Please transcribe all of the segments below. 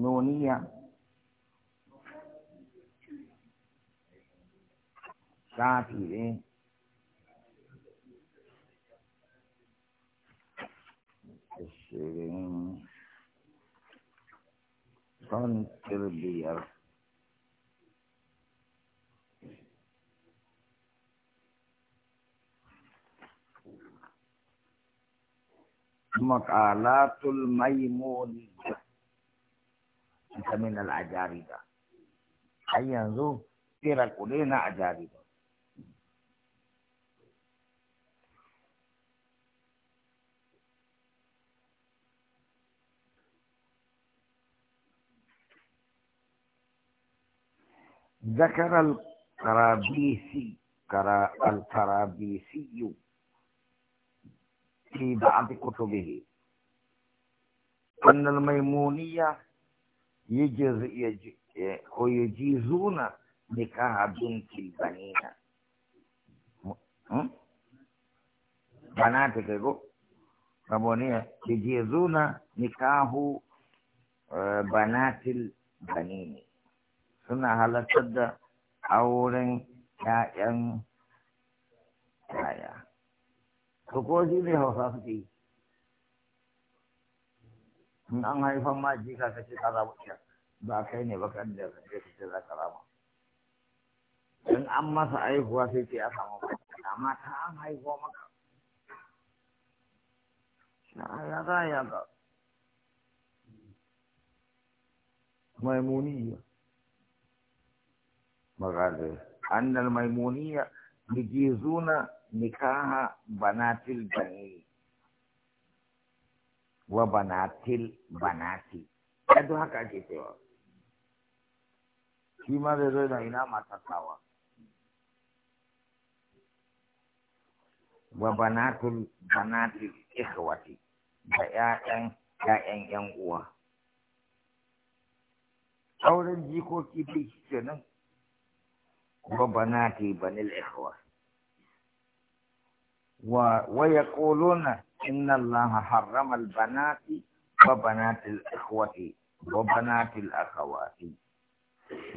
noniya shafi ne ashirin son biyar مقالات الميمون انت من العجاربة أي ينزو ترك كلنا عجاربة ذكر القرابيسي القرابيسي fi ba anti kutubihi annal maymuniya yajiz yajiz o yajizuna nikah bin tilbaniha nikahu banatil banini sunna halatta awren ya yang Rukoji ne hausa suke yi. In an haifan ma jika ka ce kaza wuciyar ba kai ne ba kan da zai ka ce za ka rama. In an masa aihuwa sai ce ya samu ba. ta an haihuwa maka. Ya za ya ga. ميمونية مغادر أن الميمونية يجيزون nikaha banatil bani wa banatil banati yadda haka ake cewa shi ma zai zo da ina matattawa wa banatul banatil ikhwati da ƴaƴan ƴaƴan ƴan uwa auren jikoki bai kenan wa banati banil ikhwa و... ويقولون إن الله حرم البنات وبنات الإخوة وبنات الأخوات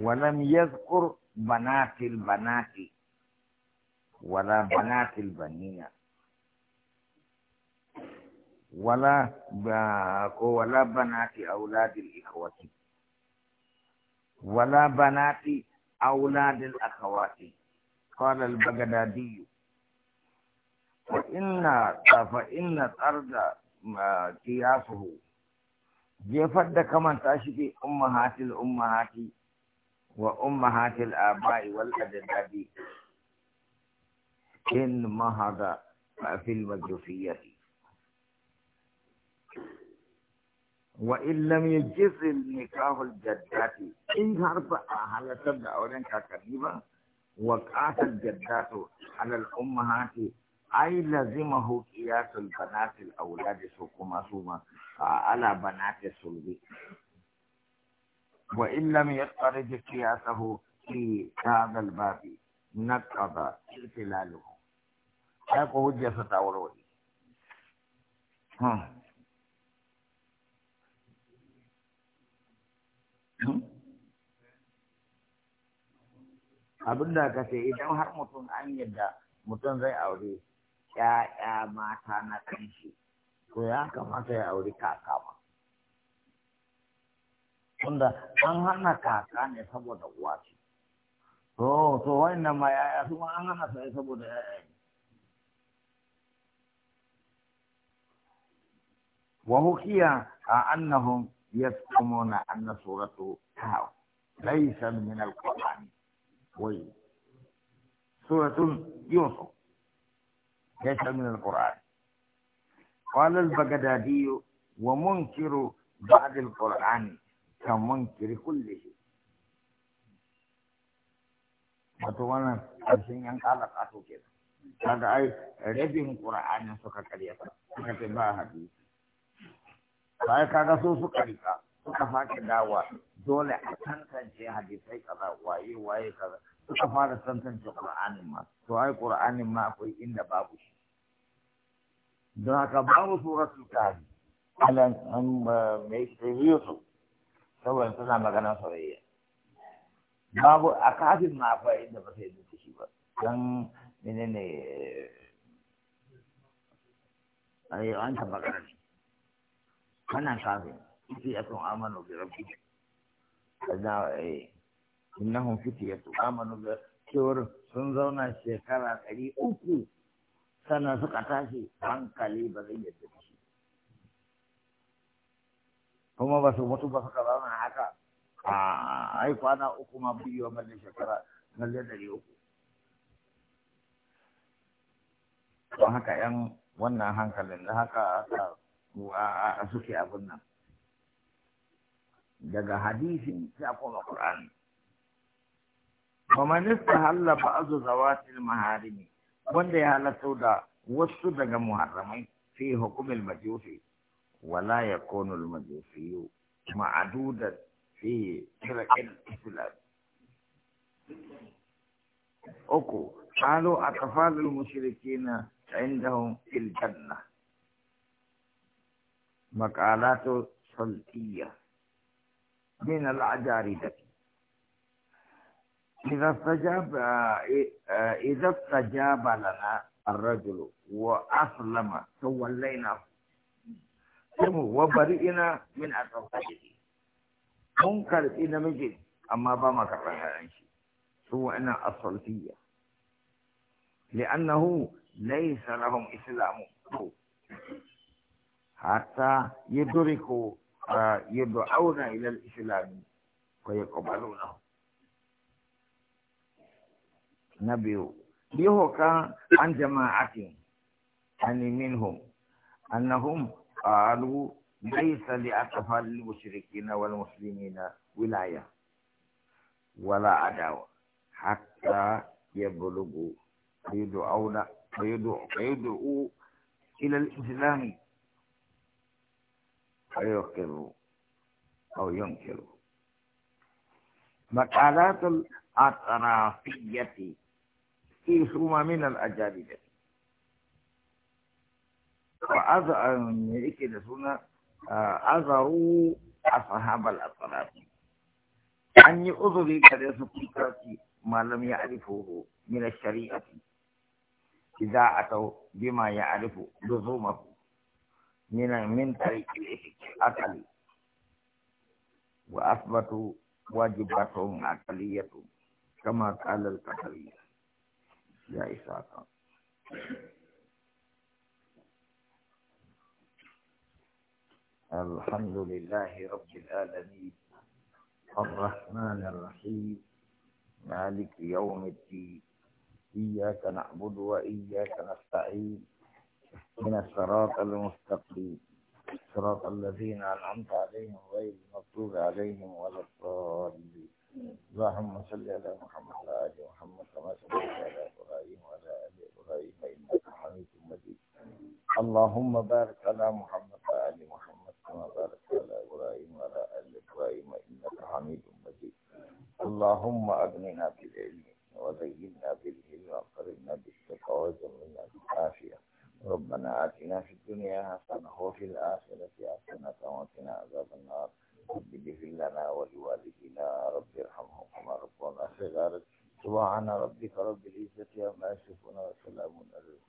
ولم يذكر بنات البنات ولا بنات البنين ولا ب... ولا بنات أولاد الإخوة ولا بنات أولاد الأخوات قال البغدادي فإن فإن الأرض آه، قياسه جفت كما تاشي أمهات الأمهات وأمهات الآباء والأجداد إن ما هذا في المجوسية وإن لم يجز النكاح الجدات إن هرب أهل تبدأ أولين كاكريبا وقعت الجدات على الأمهات ai lazimahu qiyasul banatil aulad su kuma su ma ala banatil sulbi wa in lam yaqtarij qiyasahu fi hadha al bab naqada iltilaluhu ai ko hujja sa tawarwali ha abinda ka ce idan har mutum an yadda mutum zai aure ‘ya’ya mata na kanshi, ko ya kamata ya auri kaka ba. Tunda an hana kaka ne saboda uwa ce. To, to, wannan ma ‘ya’ya su an hana sai saboda ya ne. Wa hukiya a annahun ya tsamo na anna surato ta laisan min alƙwaɗa ne, wai, suratun Yusuf. ليس من القرآن قال البغدادي ومنكر بعد القرآن كمنكر كله وتوانا أرسين أن قال قاتو كده هذا أي ربهم قرآن سكا كريتا سكا تبا حديث فأي كاغا سو سكا ريتا سكا فاكي داوا دولة أتنسان شيء حديثي كذا واي واي كذا suka fara tantance Qur'anin ma to ai Qur'anin ma akwai inda babu shi don haka babu suratul kahfi alan an mai shiriyu saboda tana magana soyayya babu a kafin ma akwai inda ba sai zuci shi ba don menene ai an ta magana ne wannan kafin ita ya sun amana bi rabbi kaza eh innahum fitiyatu amanu da cewar sun zauna shekara ɗari uku sana suka tashi hankali ba zai iya da shi kuma ba su mutu ba suka zauna haka a ai kwana uku ma biyu wa mallin shekara mallin ɗari uku don haka yan wannan hankalin da haka suke abin nan daga hadisin sai a koma ƙur'ani ومن استحل بعض زوات المحارم من ده حالة سودا وسط محرم في حكم المجوسي ولا يكون المجوسي معدودا في ترك الإسلام اوكو قالوا أطفال المشركين عندهم في الجنة مقالات سلطية من الأجاردة إذا استجاب آه، إذا استجاب لنا الرجل وأسلم تولينا وبرئنا من أطفاله منكر في مجد أما بما كفاها أنشي شيء سوى أنا أصلتية لأنه ليس لهم إسلام حتى يدركوا آه، يدعون إلى الإسلام ويقبلونه نبي كان عن جماعتهم عن يعني منهم أنهم قالوا ليس لأطفال المشركين والمسلمين ولاية ولا عداوة حتى يبلغوا فيدعون فيدعوا فيدعوا إلى الإسلام فيقروا أو ينكروا مقالات الأطرافية فيهما من الأجانب وأذ ملك لسنة أذروا أصحاب الأطلاف أن يؤذوا كذلك ما لم يعرفوه من الشريعة إذا أتوا بما يعرف لزومه من من طريق العقل وأثبتوا واجباتهم عقلية كما قال القتلية ya isa الحمد لله رب العالمين الرحمن الرحيم مالك يوم الدين إياك نعبد وإياك نستعين من الصراط المستقيم صراط الذين أنعمت عليهم غير المغضوب عليهم ولا الضالين اللهم صل على محمد وعلى آل محمد اللهم بارك على محمد وعلى محمد كما باركت على إبراهيم وعلى آل إبراهيم إنك حميد مجيد اللهم أغننا بالعلم وزينا بالعلم وأقرنا بالتقوى وجملنا بالعافية ربنا آتنا في الدنيا حسنة وفي الآخرة حسنة وقنا عذاب النار رب اغفر لنا ولوالدينا رب ارحمهم كما ربونا صغارا سبحان ربك رب العزة عما يصفون وسلام على